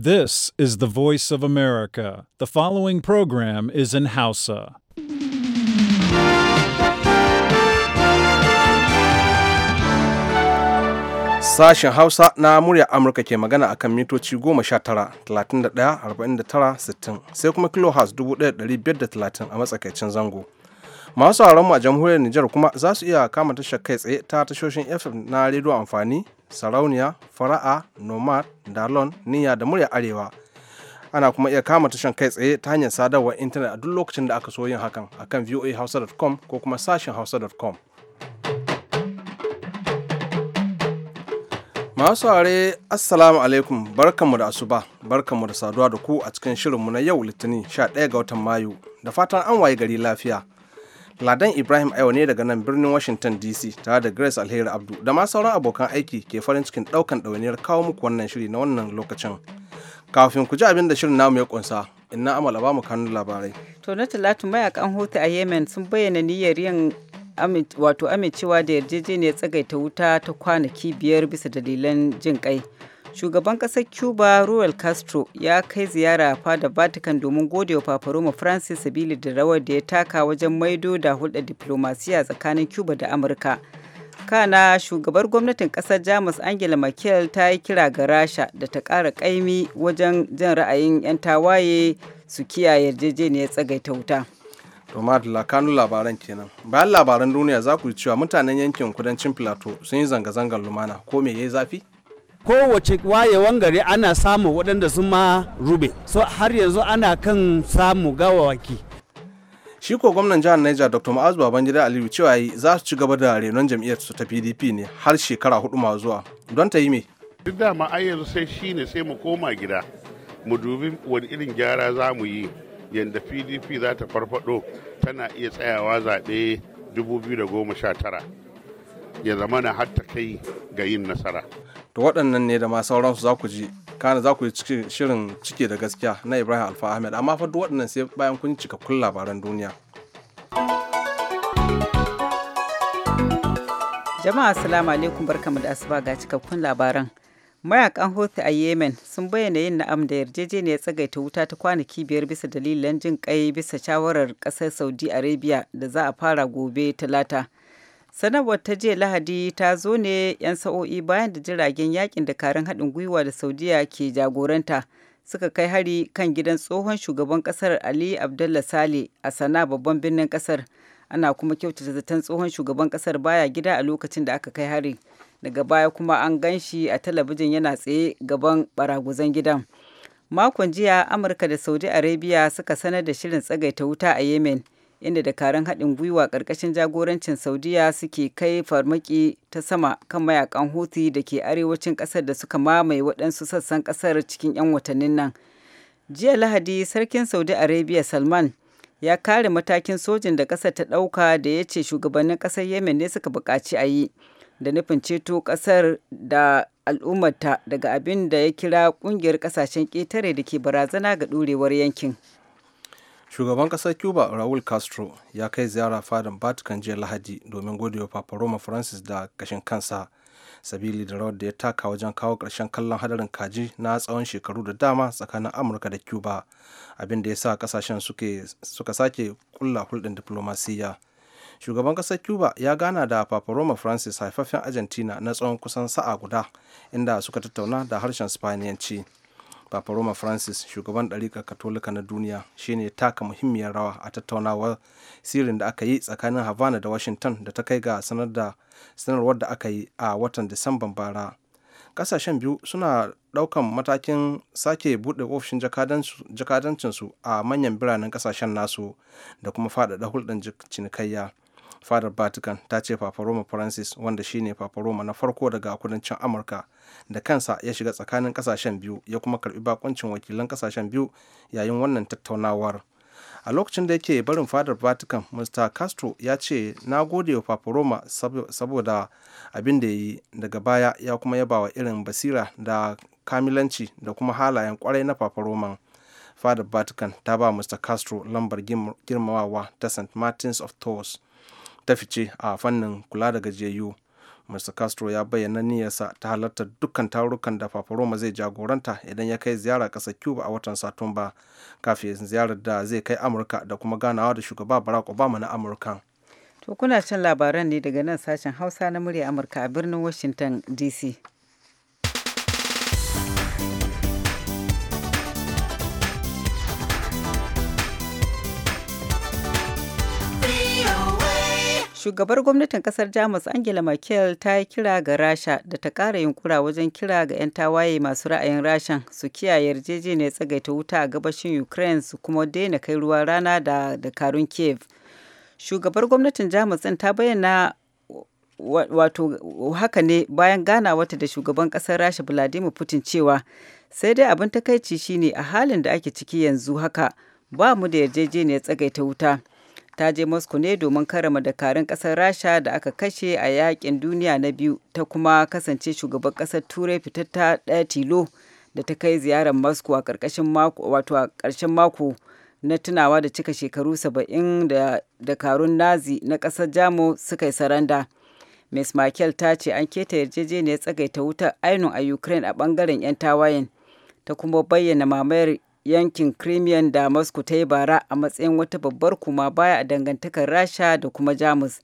This is the voice of America. The following program is in Hausa. Sashen Hausa na murya Amurka ke magana a kan mitoci 19-31-49-60 sai kuma kilohas 1530 a matsakaicin zango. Masu mu a jamhuriyar Nijar kuma za su iya kama tashar kai tsaye ta tashoshin FM na rediyo amfani, sarauniya fara'a nomad dalon niyya da murya arewa ana kuma iya kama tashan kai tsaye ta hanyar sadarwar intanet a duk lokacin da aka so yin hakan akan voahausa.com ko kuma sashen hausa.com masu saurare assalamu alaikum barkanmu da asuba barkanmu da saduwa da ku a cikin shirinmu na yau litinin 11 ga watan mayu da fatan an waye gari lafiya Ladan Ibrahim Aiwa ne daga nan birnin Washington DC tare da Grace Alheri Abdu da ma sauran abokan aiki ke farin cikin daukan ɗawainiyar kawo muku wannan shiri na wannan lokacin. Kafin ku ji abin da shirin namu ya kunsa, inna amala ba mu kanun labarai. To na talatu mayakan hutu a Yemen sun bayyana niyyar yin wato amincewa da yarjejeniyar tsagaita wuta ta kwanaki biyar bisa dalilan jin kai. shugaban kasar cuba ruel castro ya kai ziyara fada vatican domin gode wa paparoma francis sabili da rawar da ya taka wajen maido da hulɗar diplomasiya tsakanin cuba da amurka kana shugabar gwamnatin ƙasar jamus angela merkel ta yi kira ga rasha da ta kara ƙaimi wajen jan ra'ayin 'yan tawaye su kiyaye yarjejeniyar tsagaita wuta to madalla labaran kenan bayan labaran duniya za ku ji cewa mutanen yankin kudancin plateau sun yi zanga-zangar lumana ko me ya yi zafi kowace wayewan gari ana samu waɗanda sun ma rube so har yanzu ana kan samu gawawaki shi ko gwamnan jihar Niger Dr. Ma'az Babangida Aliyu cewa yi za su ci gaba da renon jam'iyyar su ta PDP ne har shekara hudu ma zuwa don ta yi me duk da ma ai yanzu sai shine sai mu koma gida mu dubi wani irin gyara za mu yi yadda PDP za ta farfado tana iya tsayawa zaɓe 2019 ya zamana har ta kai ga yin nasara to waɗannan ne da ma sauransu za ku ji kana za ku yi shirin cike da gaskiya na ibrahim alfa ahmed amma fa duk waɗannan sai bayan kun cika kun labaran duniya jama'a assalamu alaikum barkamu da asuba ga cikakkun labaran mayakan hoti a yemen sun bayyana yin na'am da yarjejeniyar tsagaita wuta ta kwanaki biyar bisa dalilan jin kai bisa shawarar kasar saudi arabia da za a fara gobe talata sanarwar ta jiya lahadi ta zo ne 'yan sa'o'i bayan da jiragen yakin da karin haɗin gwiwa da saudiya ke jagoranta suka kai hari kan gidan tsohon shugaban kasar ali abdullah sale a sana babban birnin kasar ana kuma kyautata zaton tsohon shugaban kasar baya gida a lokacin da aka kai hari daga baya kuma an gan shi a talabijin yana tsaye gaban baraguzan gidan makon jiya amurka da saudi arabia suka sanar da shirin tsagaita wuta a yemen inda dakarun haɗin gwiwa ƙarƙashin jagorancin saudiya suke kai farmaki ta sama kan mayakan hutu da ke arewacin ƙasar da suka mamaye waɗansu sassan ƙasar cikin 'yan watannin nan jiya lahadi sarkin saudi arabia salman ya kare matakin sojin da ƙasar ta ɗauka da ya ce shugabannin ƙasar yemen ne suka buƙaci a yi da nufin ceto ƙasar da al'ummarta daga abin da ya kira ƙungiyar ƙasashen ƙetare da ke barazana ga ɗorewar yankin shugaban kasar cuba raul castro ya kai ziyara fadan vatican jiya lahadi domin godewa papa roma francis da kashin kansa sabili da rawar da ya taka wajen kawo ƙarshen kallon hadarin kaji na tsawon shekaru da dama tsakanin amurka da cuba abinda ya sa kasashen suka sake kulla hulɗin diflomasiyya shugaban kasar cuba ya gana da papa roma francis haifafen argentina na tsawon kusan sa'a guda inda suka tattauna da harshen spaniyanci Papa Roma Francis shugaban ɗariƙar Katolika na duniya shine ya taka muhimmiyar rawa a tattaunawar sirrin da aka yi tsakanin Havana da Washington da ta kai ga sanarwar da aka yi a watan Disamban bara. Ƙasashen biyu suna ɗaukan matakin sake buɗe ofishin jakadancinsu a manyan biranen ƙasashen nasu da kuma faɗaɗa hulɗar cinikayya. fadar vatican ta ce papa roma francis wanda shine papa roma na farko daga kudancin amurka da kansa ya shiga tsakanin kasashen biyu ya kuma karbi bakuncin wakilan kasashen biyu yayin wannan tattaunawar a lokacin da yake barin fadar vatican mr castro ya ce na gode wa papa roma saboda abin da ya yi daga baya ya kuma yaba wa irin basira da kamilanci da kuma halayen kwarai na papa roman fadar vatican ta ba mr castro lambar girmamawa ta st martins of tours ta fice a fannin kula da gajiyayyu mr castro ya bayyana niyyarsa ta halarta dukkan tarukan da faforoma zai jagoranta idan ya kai ziyara ƙasar cuba a watan satumba kafin ziyarar da zai kai amurka da kuma ganawa da shugaba barack obama na amurka to kuna shan labaran ne daga nan sashen hausa na murya amurka a birnin washington dc shugabar gwamnatin kasar jamus angela merkel ta yi kira ga rasha da ta kara yunkura wajen kira ga 'yan tawaye masu ra'ayin rashan su kiyaye yarjejeniyar tsagaita wuta a gabashin ukraine su kuma daina kai ruwa rana da dakarun kiev shugabar gwamnatin jamus din ta bayyana wato haka ne bayan gana wata da shugaban kasar rasha vladimir putin cewa sai dai abin takaici shine a halin da ake ciki yanzu haka ba mu da yarjejeniyar tsagaita wuta ta je moscow ne domin karama dakarun kasar rasha da aka kashe a yakin duniya na biyu ta kuma kasance shugaban kasar turai fitatta ɗaya tilo da ta kai ziyarar moscow a ƙarshen mako wato a ƙarshen mako na tunawa da cika shekaru saba'in da dakarun nazi na kasar jamus suka yi saranda Ms. Merkel ta ce an keta yarjejeniyar tsagaita wutar ainun a Ukraine a bangaren 'yan tawayen ta kuma bayyana mamayar yankin Crimean da Moscow ta yi bara a matsayin wata babbar kuma baya a dangantakar Rasha da kuma Jamus.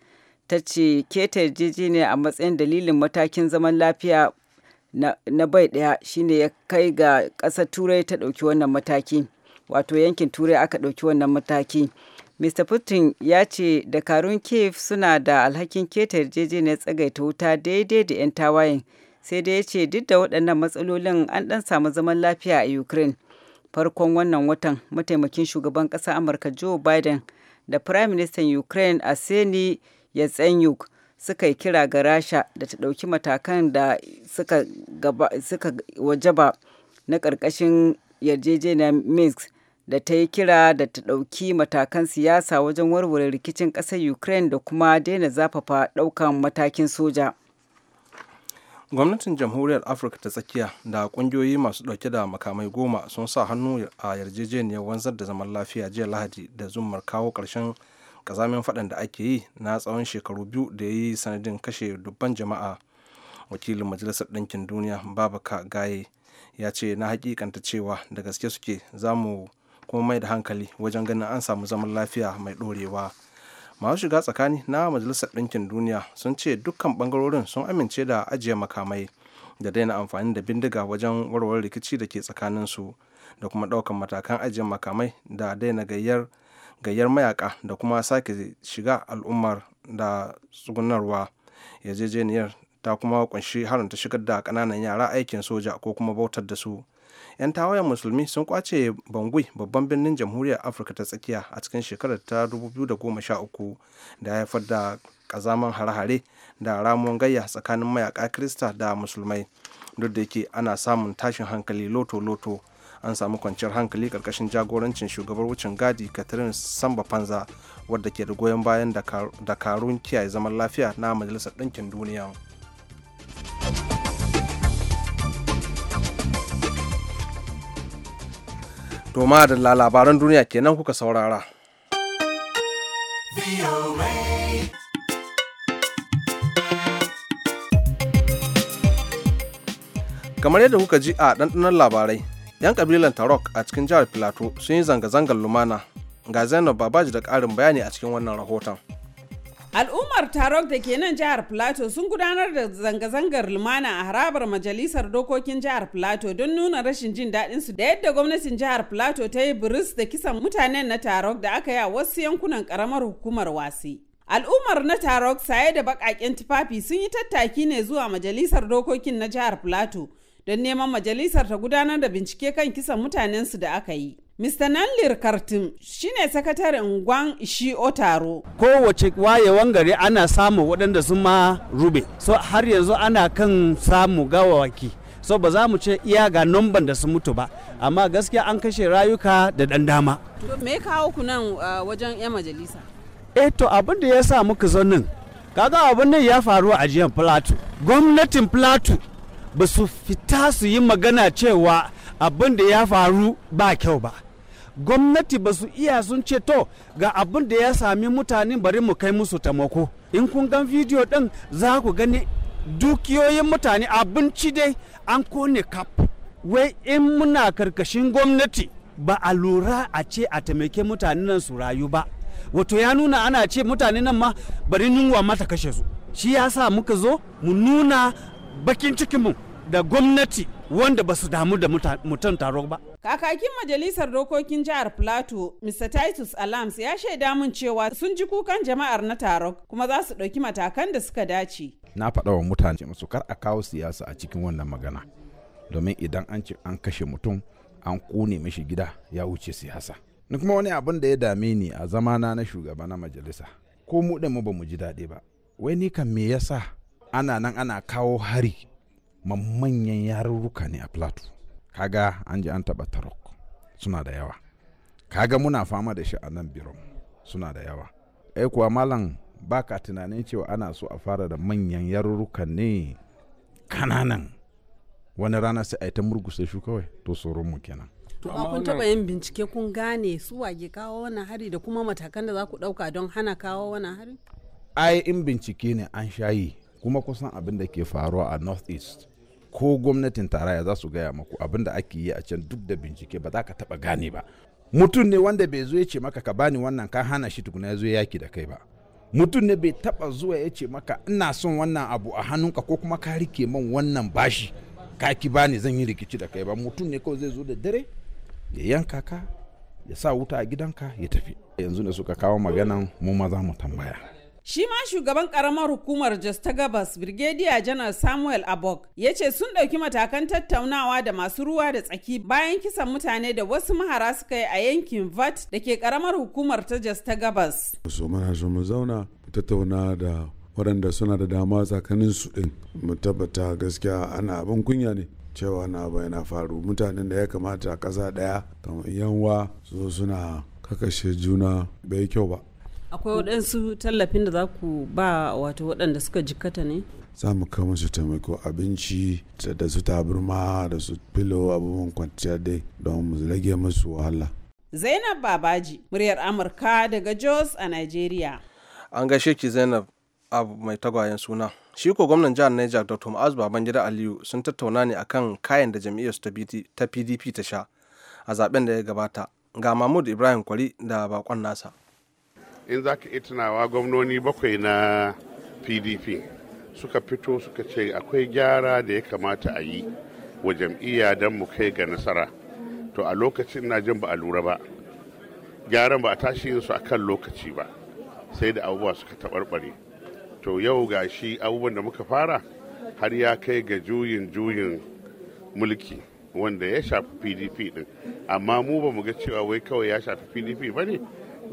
Ta ce keta yarjejeniya a matsayin dalilin matakin zaman lafiya na, bai ɗaya shine ya kai ga ƙasar Turai ta ɗauki wannan mataki. Wato yankin Turai aka ɗauki wannan mataki. Mr. Putin ya ce dakarun Kiev suna da alhakin keta yarjejeniyar tsagaita wuta daidai da 'yan tawayen. Sai dai ya ce duk da waɗannan matsalolin an ɗan samu zaman lafiya a Ukraine. farkon wannan watan mataimakin shugaban ƙasar amurka joe biden da prime minister ukraine arseni yatsenyuk suka yi kira ga rasha da ta ɗauki matakan da suka, suka wajaba na ƙarƙashin yarjejeniyar minsk da ta yi kira da ta ɗauki matakan siyasa wajen warware rikicin ƙasar ukraine da kuma daina zafafa ɗaukan matakin soja. gwamnatin jamhuriyar afirka ta tsakiya da kungiyoyi masu dauke da makamai goma sun sa hannu a yarjejeniyar wanzar da zaman lafiya jiya lahadi da zumar kawo ƙarshen ƙazamin faɗan da ake yi na tsawon shekaru biyu da ya yi sanadin kashe dubban jama'a wakilin majalisar ɗinkin duniya babaka gaye ya ce na hakikanta cewa da gaske suke zamu mu kuma mai da hankali wajen ganin an samu zaman lafiya mai ɗorewa. masu shiga tsakani na majalisar ɗinkin duniya sun ce dukkan ɓangarorin sun amince da ajiye makamai da daina amfani da bindiga wajen warware rikici da ke tsakaninsu da kuma ɗaukan matakan ajiye makamai da daina gayyar gayyar mayaka da kuma sake shiga al'ummar da tsugunarwa yarjejeniyar ta kuma kunshi ta shigar da ƙananan yara aikin soja ko kuma bautar da su 'yan tawayen musulmi sun kwace bangui babban birnin jamhuriyar afirka ta tsakiya a cikin shekarar ta 2013 da ya haifar da kazaman hare-hare da ramon gayya tsakanin mayaka krista da musulmai duk da yake ana samun tashin hankali loto-loto an samu kwanciyar hankali karkashin jagorancin shugabar wucin gadi catherine samba panza wadda ke da goyon bayan dakarun kiyaye zaman lafiya na majalisar ɗinkin duniya. To ma da labaran duniya kenan kuka saurara. Kamar yadda kuka ji a ɗanɗanon labarai, 'yan ƙabilan Tarok a cikin jihar Filato sun yi zanga-zangar lumana. Ga Zainab Babaji da ƙarin bayani a cikin wannan rahoton. Al'ummar Tarok da ke nan jihar Plateau sun gudanar da zanga-zangar lumana a harabar majalisar dokokin jihar Plateau don nuna rashin jin daɗin da yadda gwamnatin jihar Plateau ta yi buris da kisan mutanen na Tarok da aka yi a wasu yankunan karamar hukumar wasi. Al'ummar na Tarok saye da baƙaƙen tufafi sun yi tattaki ne zuwa majalisar dokokin na jihar Plateau don neman majalisar ta gudanar da bincike kan kisan mutanensu da aka yi. Mr. Nanlir Kartin shine sakataren Gwang o' taro. Kowace wayewan gari ana samu waɗanda sun ma rube. So har yanzu ana kan samu gawawaki. So ba za mu ce iya ga numban da sun mutu ba, amma gaskiya an kashe rayuka da ɗan dama. To me kawo ku nan uh, wajen 'yan majalisa? Eh to abin da ya sa muka zo nan, kaga abin nan ya faru a jiyan Plateau. Gwamnatin Plateau ba su fita su yi magana cewa abin da ya faru ba kyau ba gwamnati ba su iya sun ce to ga abin da ya sami mutane bari mu kai musu taimako in kun gan bidiyo din za ku gani dukiyoyin mutane abinci dai an kone kap wai in muna karkashin gwamnati ba a lura a ce a taimake mutanen nan su rayu ba wato ya nuna ana ce mutane nan ma bari nunwa mata kashe su shi ya sa muka zo mu nuna bakin cikinmu da gwamnati wanda ba su damu da mutum taro ba. Kakakin Majalisar Dokokin Jihar Plateau, Mr. Titus Alams ya shaida mun cewa sun ji kukan jama'ar na taro kuma za su ɗauki matakan da suka dace. Na faɗa wa mutane su kar a kawo siyasa a cikin wannan magana. Domin idan an ce an kashe mutum an kone mishi gida ya wuce siyasa. Ni kuma wani abin da ya dame ni a zamana na shugaba na majalisa. Ko mu ɗin mu ba mu ji daɗi ba. Wai ni kan me yasa ana nan ana kawo hari manyan yarurruka ne a plateau kaga an ji an taɓa tarok suna da yawa kaga muna fama da shi a nan biron suna da yawa ai eh kuwa malam ba ka tunanin cewa ana so a fara da manyan yarurruka ne kananan wani rana sai a yi ta murgusa shi kawai to tsoron mu kenan to kun taba yin bincike kun gane su wage kawo wani hari da kuma matakan da za ku ɗauka don hana kawo wani hari ai in bincike ne an shayi kuma kusan abin da ke faruwa a north east ko gwamnatin tarayya za su gaya maku abin da ake yi a can duk da bincike ba za ka taba gane ba mutum ne wanda bai zo ya ce maka ka bani wannan ka hana shi tukuna ya zo yaki da kai ba mutum ne bai taba zuwa ya ce maka ina son wannan abu a hannunka ko kuma ka rike man wannan bashi ka ki bani zan yi rikici da kai ba mutum ne kawai zai zo da dare ya yanka ka ya sa wuta a gidanka ya tafi yanzu ne suka kawo maganan mu ma za mu tambaya Shi ma shugaban karamar hukumar Jos ta Gabas, Brigadier Janar Samuel Abok, ya ce sun ɗauki matakan tattaunawa da masu ruwa da tsaki bayan kisan mutane da wasu mahara suka yi a yankin VAT da ke karamar hukumar ta Jos ta Gabas. Su mana su mu zauna tattauna da waɗanda suna da dama tsakanin su ɗin mu tabbata gaskiya ana abin kunya ne cewa na abu yana faru mutanen da ya kamata a ƙasa ɗaya kamar yanwa su suna kakashe juna bai kyau ba. akwai waɗansu tallafin da za ku ba wato waɗanda suka jikata ne za mu kai musu taimako abinci da su taburma da su filo abubuwan kwanciyar dai don mu rage musu wahala zainab babaji muryar amurka daga jos a nigeria an gaishe ki zainab abu mai tagwayen suna shi ko gwamnan jihar niger dr ma'azu babangida aliyu sun tattauna ne akan kayan da jam'iyyar ta pdp ta sha a zaben da ya gabata ga mahmud ibrahim kwari da bakon nasa in za ka iya tunawa gwamnoni bakwai na pdp suka fito suka ce akwai gyara da ya kamata a yi wa jam'iyya don mu kai ga nasara to a lokacin na jin ba a lura ba gyaran ba a tashi yin su a kan lokaci ba sai da abubuwa suka taɓarɓare to yau ga shi abubuwan da muka fara har ya kai ga juyin juyin mulki wanda ya shafi pdp din amma mu ba mu ga cewa wai kawai ya shafi pdp ba ne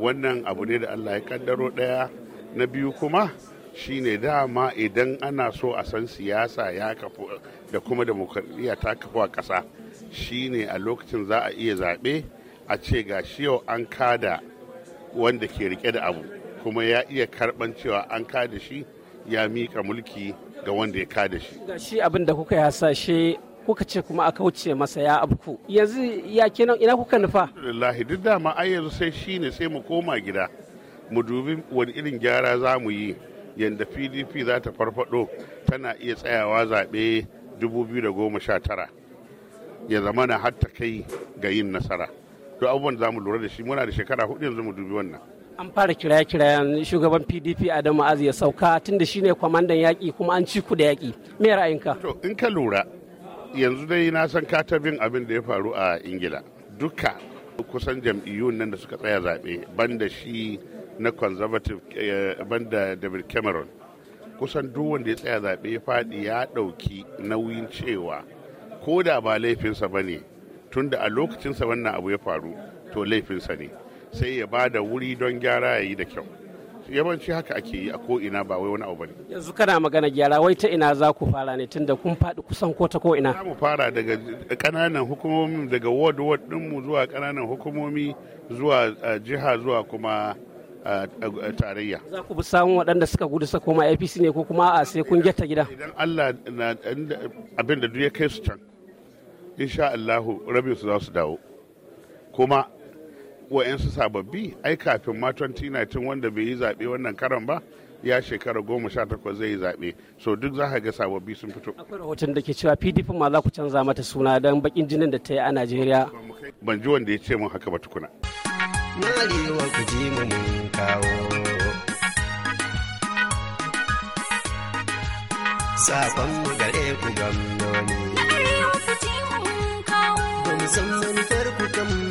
wannan abu ne da allah ya kaddaro ɗaya na biyu kuma shine dama idan ana so a san siyasa ya kafu da kuma demokradiyya ta kafu a ƙasa shine a lokacin za a iya zaɓe a ce ga shi yau an kada wanda ke rike da abu kuma ya iya karɓan cewa an kada shi ya miƙa mulki ga wanda ya kada shi. Ga shi abin da kuka hasashe kuka ce kuma aka wuce masa ya abku yanzu ya kenan ina kuka nufa lahi duk dama ai yanzu sai shine sai mu koma gida mu dubi wani irin gyara za mu yi yadda pdp za ta farfado tana iya tsayawa zaɓe 2019 ya zama na hatta kai ga yin nasara duk abubuwan za mu lura da shi muna da shekara hudu yanzu mu dubi wannan an fara kiraye-kirayen shugaban pdp adamu aziz ya sauka tun da shine kwamandan yaƙi kuma an ci ku da yaƙi me ra'ayinka to in ka lura yanzu dai na san katabin abin da ya faru a ingila duka kusan jam'iyyun nan da suka tsaya zaɓe banda shi na conservative eh, banda david cameron kusan duk wanda ya tsaya zaɓe ya faɗi ya ɗauki nauyin cewa ko da ba laifinsa ba ne tun da a lokacinsa wannan abu ya faru to laifinsa ne sai ya ba da wuri don gyara ya yi da kyau yawanci haka ake yi a ko ina ba wai wani abu bane yanzu kana magana gyara wai ta ina za ku fara ne tunda kun faɗi kusan ko ta ko ina za mu fara daga kananan hukumomi daga ward ward mu zuwa kananan hukumomi zuwa eh, jiha zuwa kuma eh, tarayya za ku bi samun waɗanda suka gudu sa koma apc ne ko kuma a ah, sai kun geta gida idan allah na abin da duk ya kai su can insha allahu rabin su za su dawo kuma su sababbi ai kafin ma 2019 wanda bai yi zaɓe wannan karan ba ya shekara goma sha takwas zai yi zaɓe so duk za ka ga sababbi sun fito akwai rahoton da ke cewa pdp ma za ku canza mata suna don bakin jinin da ta yi a najeriya ban ji wanda ya ce mun haka ba tukuna Narewa mu mun kawo Safan mu gare ku gamnoni Narewa ku ji mun kawo Ban manufar ku kan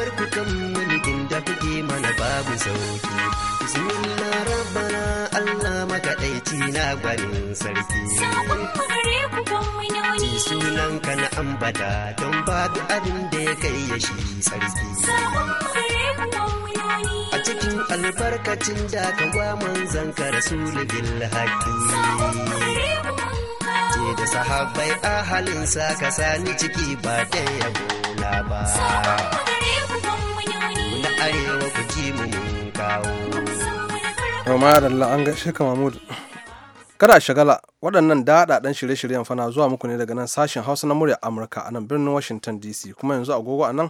daɗi mana babu sauki bismillah rabbana allah makaɗaici na gwanin sarki sunan ka na ambata don babu abin da ya kai ya shi sarki a cikin albarkacin da ka wa manzan ka rasulu bil haƙi ce da sahabbai sa ka sani ciki ba ta yabo na ba. na arewa ku ji an sheikh Mahmud. Kada shagala waɗannan daɗaɗɗen shirye-shiryen fana zuwa muku ne daga nan sashen Hausa na murya Amurka a nan birnin Washington DC kuma yanzu agogo a nan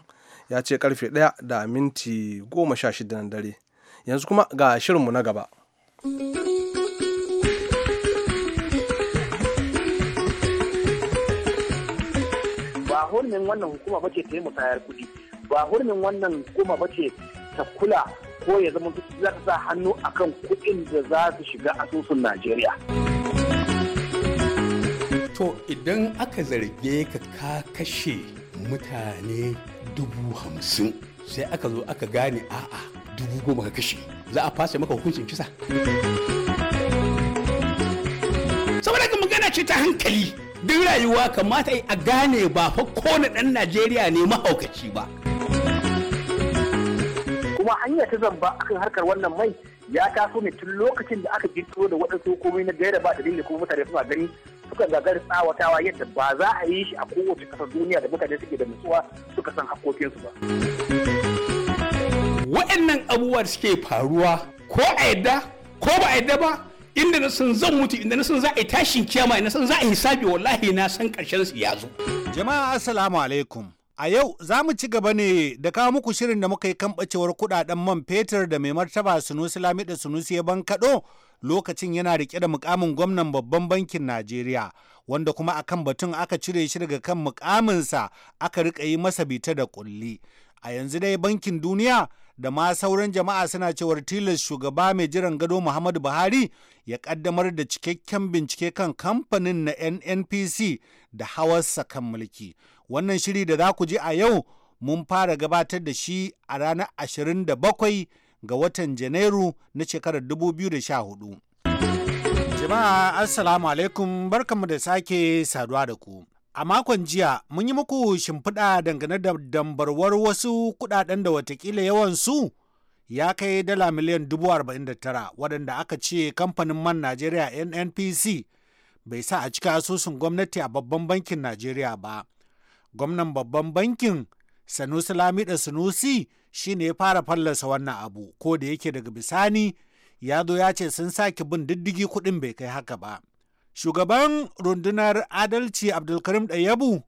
ya ce karfe ɗaya da minti shida na dare. Yanzu kuma ga shirinmu na gaba. Ba hulmin wannan hukuma ba ta yi musayar kuɗi. ba hurmin wannan kuma ba ce ta kula ko ya zama za ta sa hannu akan kuɗin da za su shiga asusun najeriya to idan aka zarge ka ka kashe mutane dubu hamsin sai aka zo aka gane a'a dubu goma ka kashe za a fasa maka hukuncin kisa saboda ka magana ce ta hankali duk rayuwa kamata a gane ba fa kone dan najeriya ne mahaukaci ba kuma hanyar ta zamba akan harkar wannan mai ya taso ne tun lokacin da aka girkiro da waɗansu hukumomi na gaira ba dinga kuma mutane suna gani suka gagari tsawatawa yadda ba za a yi shi a kowace ƙasar duniya da mutane suke da nutsuwa suka san hakokinsu ba. waɗannan abubuwa suke faruwa ko a yadda ko ba a yadda ba inda na san zan mutu inda na san za a yi tashin kiyama na san za a yi hisabi wallahi na san ƙarshen su ya zo. jama'a assalamu alaikum A yau za mu ci gaba ne da kawo muku shirin da muka yi kan ɓacewar kuɗaɗen man fetur da mai martaba Sunusi Lamida Sunusi ya bankaɗo lokacin yana rike da mukamin gwamnan babban bankin Najeriya wanda kuma akan batun aka cire shi daga kan mukaminsa aka rika yi masa bita da kulli. A yanzu dai bankin duniya da ma sauran jama'a suna cewar tilas shugaba mai jiran gado Muhammadu Buhari ya kaddamar da cikakken bincike kan kamfanin na NNPC da hawarsa kan mulki. Wannan shiri da za ku ji a yau mun fara gabatar da shi a ranar 27 ga watan Janairu na shekarar 2014. Jama'a Assalamu alaikum barkanmu da sake saduwa da ku. A makon jiya mun yi muku shimfiɗa dangane da dambarwar wasu kuɗaɗen da watakila yawansu ya kai dala miliyan 49 waɗanda aka ce kamfanin man Najeriya NNPC bai sa a cika asusun gwamnati a babban bankin Najeriya ba. gwamnan babban bankin sanusi lamida sanusi shine ya fara fallasa wannan abu ko da yake daga bisani ya zo ya ce sun sake bin diddigi kudin bai kai haka ba shugaban rundunar adalci abdulkarim ɗayabu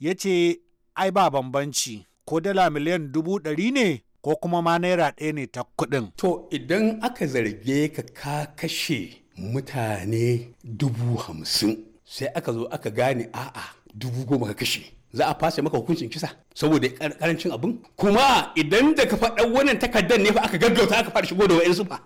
ya ce ai ba bambanci ko dala miliyan dubu ɗari ne ko kuma ma naira ɗaya ne ta kuɗin. To idan aka zarge ka ka kashe mutane dubu hamsin sai aka zo aka gane a'a dubu goma ka kashe za a fasa maka hukuncin kisa saboda karancin abin kuma idan da ka faɗa wannan takardar ne fa aka gaggauta aka fara shigo da su fa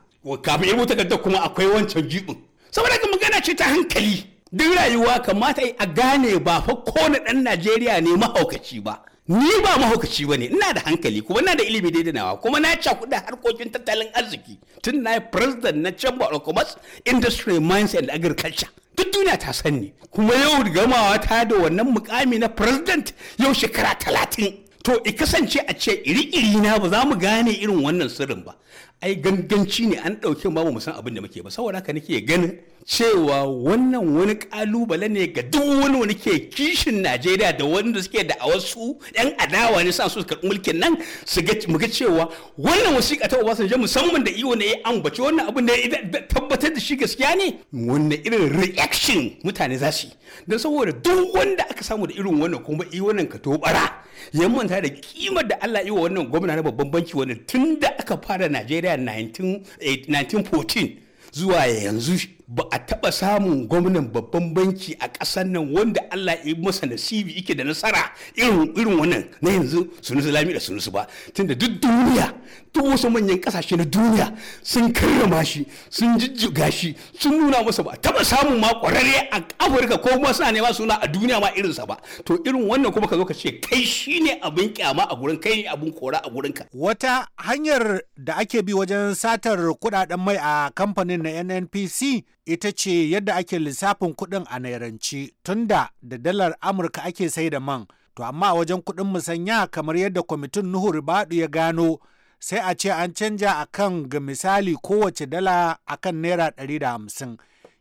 kafin irin takardar kuma akwai wancan jibin saboda ka magana ce ta hankali duk rayuwa kamata a gane ba fa na ɗan najeriya ne mahaukaci ba ni ba mahaukaci ba ne ina da hankali kuma ina da ilimi daidai nawa kuma na cakuɗa harkokin tattalin arziki tun na yi president na chamber of commerce industry mines and agriculture duk duniya ta san ni kuma yau gamawa ta da wannan mukami na president yau shekara talatin to i kasance a ce iri-iri na ba za mu gane irin wannan sirrin ba ai ganganci ne an ɗauke ba mu san abin da muke ba saboda haka nake ganin cewa wannan wani kalubale ne ga duk wani wani ke kishin Najeriya da wanda suke da a wasu yan adawa ne sa su karɓi mulkin nan su ga muga cewa wannan wasiƙa ta Obasanjo musamman da iyo ne ya ambaci wannan abin da ya tabbatar da shi gaskiya ne wannan irin reaction mutane za su yi don saboda duk wanda aka samu da irin wannan kuma iyo nan ka tobara ya manta da kimar da Allah yi wa wannan gwamna na babban banki wanda tun da aka fara Najeriya 1914 eh, zuwa yanzu ba a taɓa samun gwamnan babban banki a ƙasar nan wanda Allah ya masa nasibi yake da nasara irin irin wannan na yanzu sunu lami da sunusu ba tunda duk duniya duk wasu manyan ƙasashe na duniya sun karrama shi sun jijjiga shi sun nuna masa ba taɓa samun ma ƙwararre a Afirka ko kuma suna ba suna a duniya ma irinsa ba to irin wannan kuma ka zo ka ce kai shine abin kyama a gurin kai ne abin kora a gurin ka wata hanyar da ake bi wajen satar kudaden mai a kamfanin na NNPC ita ce yadda ake lissafin kuɗin a nairanci tunda da dalar amurka ake sai da man to amma a wajen kuɗin musanya kamar yadda kwamitin nuhu ribadu ya gano sai a ce an canja a kan ga misali kowace dala a kan naira 150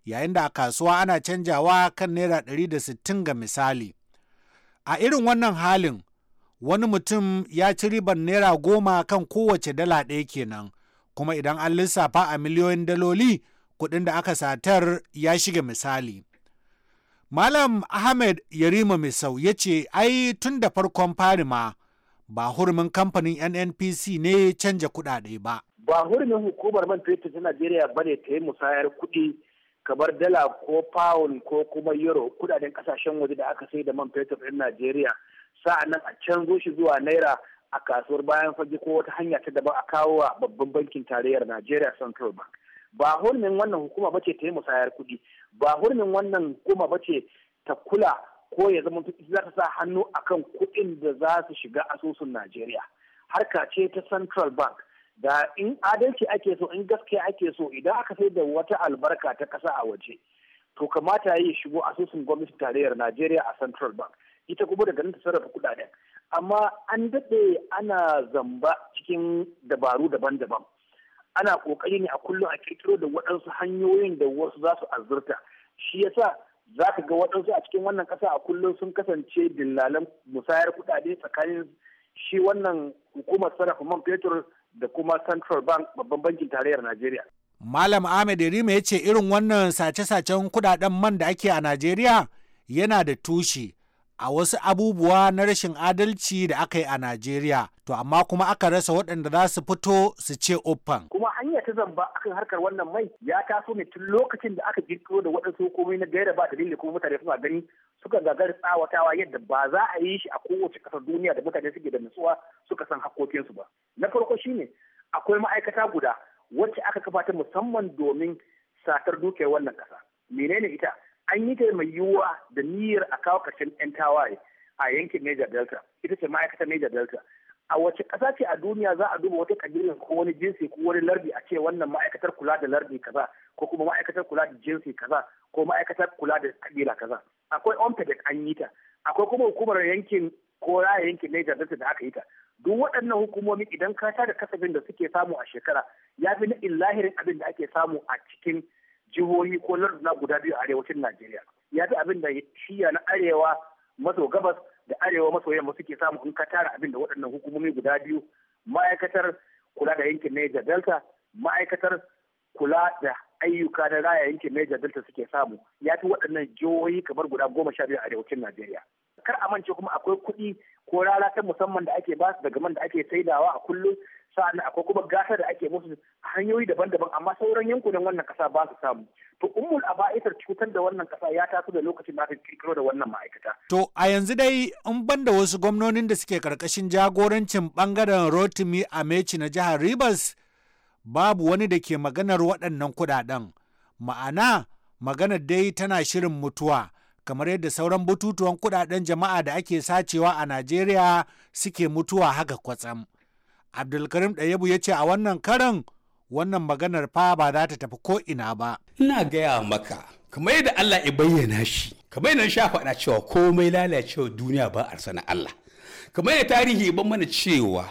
yayin da a kasuwa ana canjawa kan naira 160 ga misali a irin wannan halin wani mutum ya ci ribar naira goma kan kowace dala ɗaya kenan kuma idan an lissafa a miliyoyin daloli kuɗin da aka satar ya shiga misali. Malam Ahmed Yarima Misau ya ce ai tun da farkon fari ma ba hurumin kamfanin NNPC ne canja kuɗaɗe ba. Ba hurumin hukumar man fetur ta Najeriya ba ne ta yi musayar kuɗi kamar dala ko pound ko kuma euro kuɗaɗen ƙasashen waje da aka sai da man fetur ɗin Najeriya. sa'a nan a canzo shi zuwa naira a kasuwar bayan fage ko wata hanya ta daban a kawo wa babban bankin tarayyar Najeriya Central Bank. ba hurmin wannan hukuma bace ta yi musayar kuɗi ba hurmin wannan hukuma bace ta kula ko ya zama za ta sa hannu akan kuɗin da za su shiga asusun Najeriya harka ce ta Central Bank da in adalci ake so in gaskiya ake so idan aka sai da wata albarka ta ƙasa a waje to kamata ya yi shigo asusun gwamnati tarayyar Najeriya a Central Bank ita kuma daga nan ta sarrafa kuɗaɗen amma an daɗe ana zamba cikin dabaru daban-daban ana kokari ne a kullum a kirkiro da waɗansu hanyoyin da wasu za su azurta shi yasa za ka ga waɗansu a cikin wannan ƙasa a kullum sun kasance dillalan musayar kuɗaɗe tsakanin shi wannan hukumar sarrafa man fetur da kuma central bank babban bankin tarayyar najeriya malam ahmed rima ya ce irin wannan sace-sacen kuɗaɗen man da ake a najeriya yana da tushe a wasu abubuwa na rashin adalci da aka yi a Najeriya. To amma kuma aka rasa waɗanda za su fito su ce open. Kuma hanyar ta zamba akan harkar wannan mai ya taso ne tun lokacin da aka girkiro da waɗansu hukumomi na gaira ba dalili kuma mutane suna gani suka gagar tsawatawa yadda ba za a yi shi a kowace ƙasar duniya da mutane suke da nutsuwa suka san hakkokinsu ba. Na farko shine akwai ma'aikata guda wacce aka kafa ta musamman domin satar dukiyar wannan ƙasa. Menene ita? an yi ta mai yiwuwa da niyyar a kawo ƙarshen 'yan tawaye a yankin Niger Delta ita ce ma'aikatar Niger Delta a wace ƙasa ce a duniya za a duba wata kabilan ko wani jinsi ko wani lardi a ce wannan ma'aikatar kula da lardi kaza ko kuma ma'aikatar kula da jinsi kaza ko ma'aikatar kula da kabila kaza akwai ompedec an yi ta akwai kuma hukumar yankin ko raya yankin Niger Delta da aka yi ta duk waɗannan hukumomi idan ka da kasafin da suke samu a shekara ya fi na illahirin abin da ake samu a cikin jihohi ko larduna guda biyu a arewacin Najeriya. Ya fi abin da shiya na arewa maso gabas da arewa maso yamma suke samu in ka tara abin da waɗannan hukumomi guda biyu ma'aikatar kula da yankin Niger Delta ma'aikatar kula da ayyuka na raya yankin Niger Delta suke samu ya fi waɗannan jihohi kamar guda goma sha biyu a arewacin Najeriya. kar a mance kuma akwai kuɗi ko rara ta musamman da ake ba su daga man da ake saidawa a kullum sa'an akwai kuma gasar da ake musu hanyoyi daban-daban amma sauran yankunan wannan kasa ba su samu to ummul aba'isar cutar da wannan kasa ya taso da lokacin da aka da wannan ma'aikata to a yanzu dai in banda wasu gwamnonin da suke karkashin jagorancin bangaren Rotimi Amechi na jihar Rivers babu wani da ke maganar waɗannan kuɗaɗen ma'ana maganar dai tana shirin mutuwa kamar yadda sauran bututuwan kudaden jama'a da ake sacewa a Najeriya suke mutuwa haka kwatsam. Abdulkarim Ɗayabu ya ce a wannan karan wannan maganar fa ba za ta tafi ko ina ba. Ina gaya maka, kamar yadda Allah ya bayyana shi, kamar yadda sha faɗa cewa komai lalacewa duniya ba a sana Allah. Kamar yadda tarihi ban mana cewa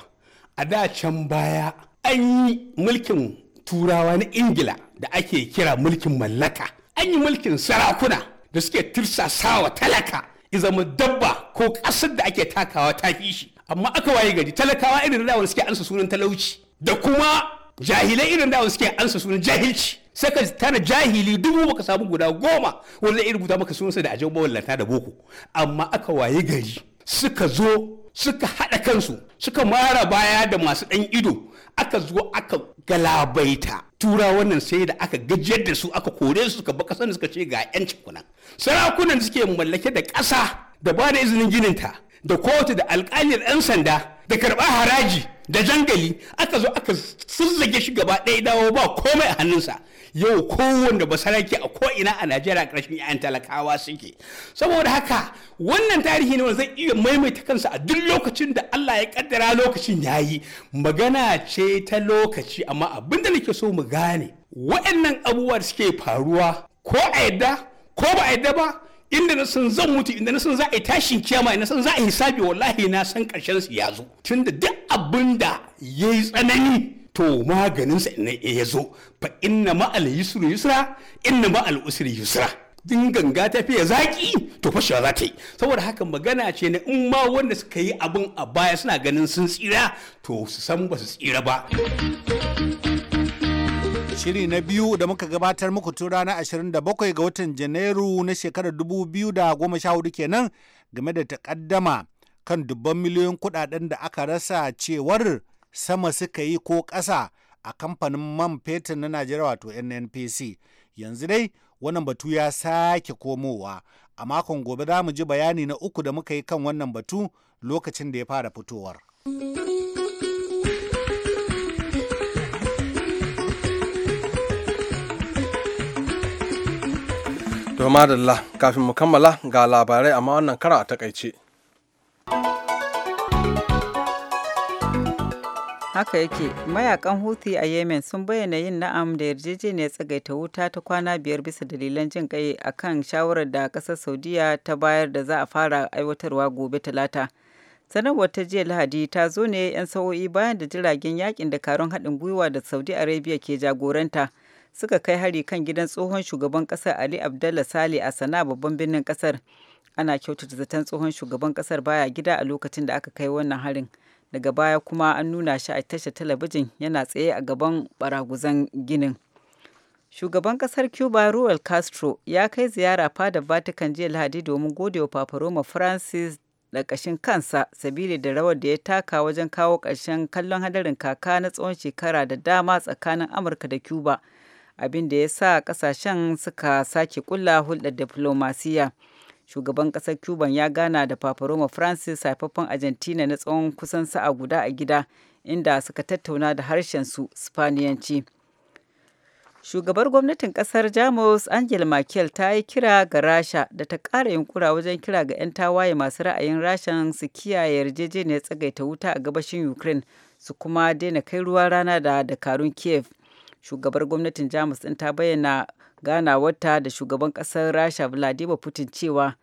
a da can baya an yi mulkin turawa na Ingila da ake kira mulkin mallaka. An yi mulkin sarakuna da suke tirsasawa talaka izama dabba ko ƙasar da ake takawa ta fi shi amma aka waye gari talakawa irin da suke ansa sunan talauci da kuma jahilai irin da suke ansa sunan jahilci sai ka tana jahili dubu baka samu guda goma wanda irin rubuta maka sunansa da ajiyar mawallata da boko amma aka waye gari suka zo suka haɗa kansu suka mara baya da masu ɗan ido aka zo aka galabaita tura wannan sai da aka gajiyar da su aka kore su suka baka da suka ce ga yancin kuna sarakunan suke mallake da ƙasa da ba da izinin gininta da kotu da alkalin 'yan sanda da karɓar haraji da jangali aka zo aka sirzage shi gaba ɗaya dawo ba komai a hannunsa yau kowanne basarake a ko'ina a najeriya ƙarshen 'ya'yan talakawa suke saboda haka wannan tarihi ne zai iya maimaita kansa a duk lokacin da allah ya kaddara lokacin ya yi magana ce ta lokaci amma abin da nake so mu gane waɗannan abubuwa da suke faruwa ko a yadda ko ba a yadda ba inda na san zan mutu inda na san za a yi tashin kiyama inda na san za a yi hisabi wallahi na san karshen su ya zo tunda duk abin da ya yi tsanani to maganin sa ne ya zo fa inna ma al yusra yusra inna ma al usri yusra din ganga ta fiye zaki to fashewa za ta yi saboda haka magana ce na in ma wanda suka yi abun a baya suna ganin sun tsira to su san ba su tsira ba Shiri na biyu da muka gabatar muku tun ranar 27 ga watan Janairu na shekarar 2014 kenan game da takaddama kan dubban miliyoyin kudaden da aka rasa cewar sama suka yi ko kasa a kamfanin man fetur na Najeriya wato NNPC. Yanzu dai wannan batu ya sake komowa. A makon gobe za mu ji bayani na uku da muka yi kan wannan batu lokacin da ya fara fitowar. To madalla kafin mu kammala ga labarai amma wannan kara a takaice. Haka yake mayakan Houthi a Yemen sun bayyana yin na'am da yarjejeniyar tsagaita wuta ta kwana biyar bisa dalilan jin kai a kan shawarar da kasar Saudiya ta bayar da za a fara aiwatarwa gobe talata. Sanarwar ta jiya Lahadi ta zo ne 'yan sa'o'i bayan da jiragen yakin da karon haɗin gwiwa da Saudi Arabia ke jagoranta. suka kai hari kan gidan tsohon shugaban kasar ali abdullah sale a sana babban birnin kasar ana kyautata zaton tsohon shugaban kasar baya gida a lokacin da aka kai wannan harin daga baya kuma an nuna shi a tashar talabijin yana tsaye a gaban baraguzan ginin shugaban kasar cuba ruel castro ya kai ziyara fada vatican jiya lahadi domin godewa wa paparoma francis da kashin kansa sabili da rawar da ya taka wajen kawo ƙarshen kallon hadarin kaka na tsawon shekara da dama tsakanin amurka da cuba abin da ya sa kasashen suka sake kulla hulɗar diflomasiyya. Shugaban ƙasar Cuban ya gana da Paparoma Francis haifaffen Argentina na tsawon kusan sa'a guda a gida inda suka tattauna da harshen su Spaniyanci. Shugabar gwamnatin kasar Jamus Angela Merkel ta yi kira ga Rasha da ta kara yunkura wajen kira ga 'yan tawaye masu ra'ayin Rashan su kiyaye yarjejeniyar tsagaita wuta a gabashin Ukraine su kuma daina kai ruwa rana da dakarun Kiev. shugabar gwamnatin jamus din ta bayyana ganawarta da shugaban kasar rasha vladimir putin cewa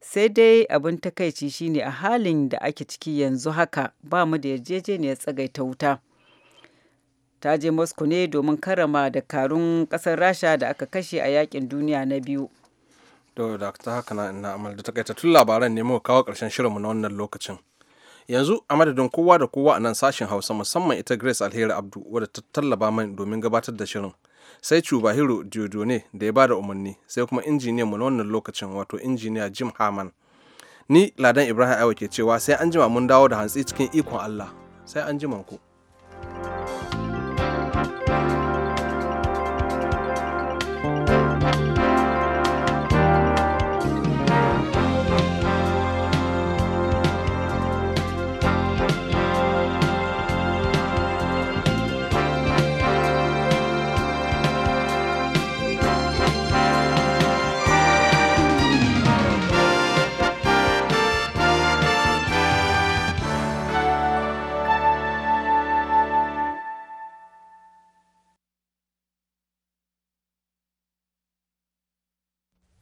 sai dai abin takaici shine a halin da ake ciki yanzu haka ba mu da yarjejeniyar tsagaita wuta ta je moscow ne domin karama da karun kasar rasha da aka kashe a yakin duniya na biyu da haka na amal da takaitattun labaran ne mu kawo ƙarshen shirinmu na wannan lokacin yanzu a madadin kowa da kowa a nan sashen hausa musamman ita grace alheri abdu wadda ta tallaba mai domin gabatar da shirin sai cubahiro diodone da ya bada umarni sai kuma injiniyan mu na wannan lokacin wato injiniya jim haman ni ladan ibrahim aiwa ke cewa sai an jima mun dawo da hantsi cikin ikon allah sai an jima ku.